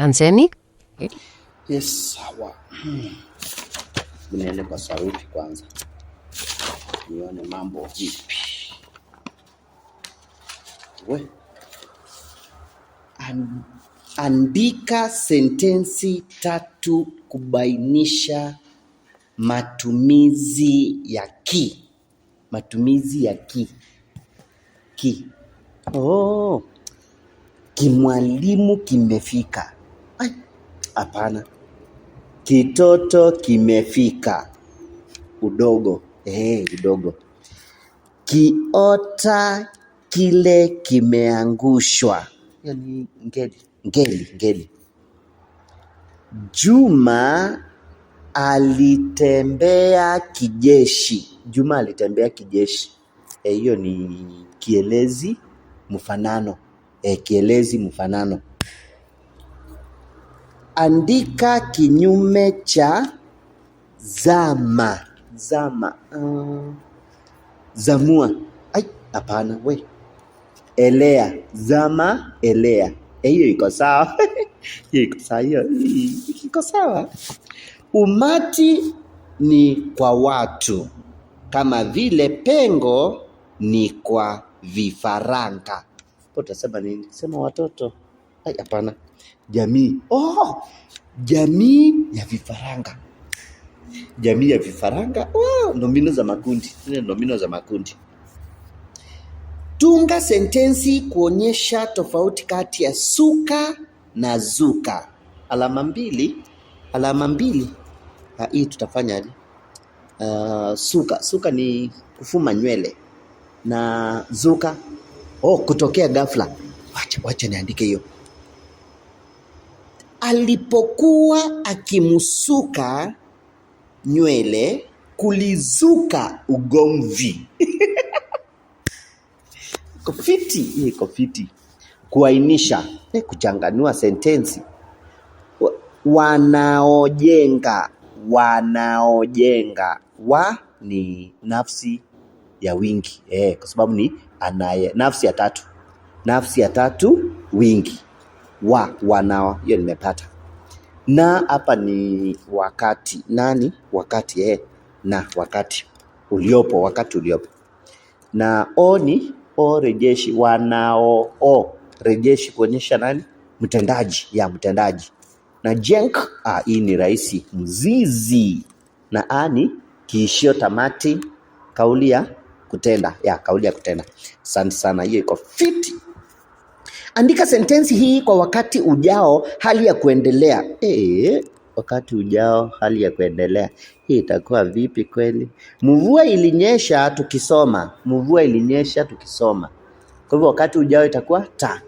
Anzeni. Yes, sawa. Niende kwa sauti kwanza nione mambo vipi. We, andika sentensi tatu kubainisha matumizi ya ki. Matumizi ya ki. Ki. Oh. Kimwalimu kimefika hapana. Kitoto kimefika. Udogo. Eh, udogo. Kiota kile kimeangushwa. Yani ngeli, ngeli, ngeli. Juma alitembea kijeshi. Juma alitembea kijeshi. Eh, hiyo e, ni kielezi mfanano. E, kielezi mfanano andika kinyume cha zama. Zama uh, zamua. Ai, hapana we, elea. Zama, elea. Eh, hiyo iko sawa hiyo iko sawa, hiyo iko sawa. Umati ni kwa watu kama vile pengo ni kwa vifaranga. Utasema nini? Sema watoto hapana, jamii oh, jamii ya vifaranga, jamii ya vifaranga oh, nomino za makundi, nomino za makundi. Tunga sentensi kuonyesha tofauti kati ya suka na zuka. Alama mbili, alama mbili. Ha, hii tutafanyaje? Uh, suka suka ni kufuma nywele na zuka oh, kutokea ghafla. Wacha wacha niandike hiyo alipokuwa akimsuka nywele kulizuka ugomvi kofiti hii kofiti kuainisha eh, kuchanganua sentensi wanaojenga wanaojenga wa ni nafsi ya wingi eh, kwa sababu ni anaye nafsi ya tatu nafsi ya tatu wingi wa wanao, hiyo nimepata. Na hapa ni wakati nani? Wakati eh, na wakati uliopo, wakati uliopo. Na o ni o rejeshi, wanao o rejeshi kuonyesha nani? Mtendaji ya mtendaji. Na jenk, ah, hii ni rahisi, mzizi. Na ani kiishio tamati, kauli ya kutenda ya kauli ya kutenda. Asante sana, hiyo iko fiti. Andika sentensi hii kwa wakati ujao hali ya kuendelea. E, wakati ujao hali ya kuendelea hii itakuwa vipi kweli? Mvua ilinyesha tukisoma. Mvua ilinyesha tukisoma. Kwa hivyo wakati ujao itakuwa ta.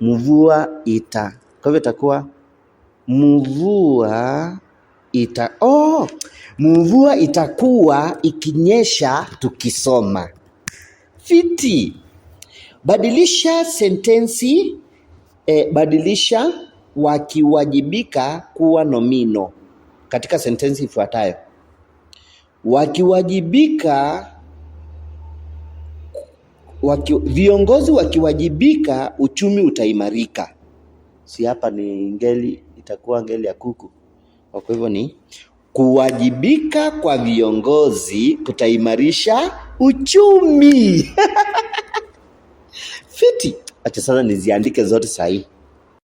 Mvua ita. Kwa hivyo itakuwa mvua ita. Oh, mvua itakuwa ikinyesha tukisoma. Fiti. Badilisha sentensi e, badilisha wakiwajibika kuwa nomino katika sentensi ifuatayo: wakiwajibika waki, viongozi wakiwajibika uchumi utaimarika. Si hapa ni ngeli, itakuwa ngeli ya kuku. Kwa hivyo ni kuwajibika kwa viongozi kutaimarisha uchumi fiti. Acha sasa niziandike zote sahihi.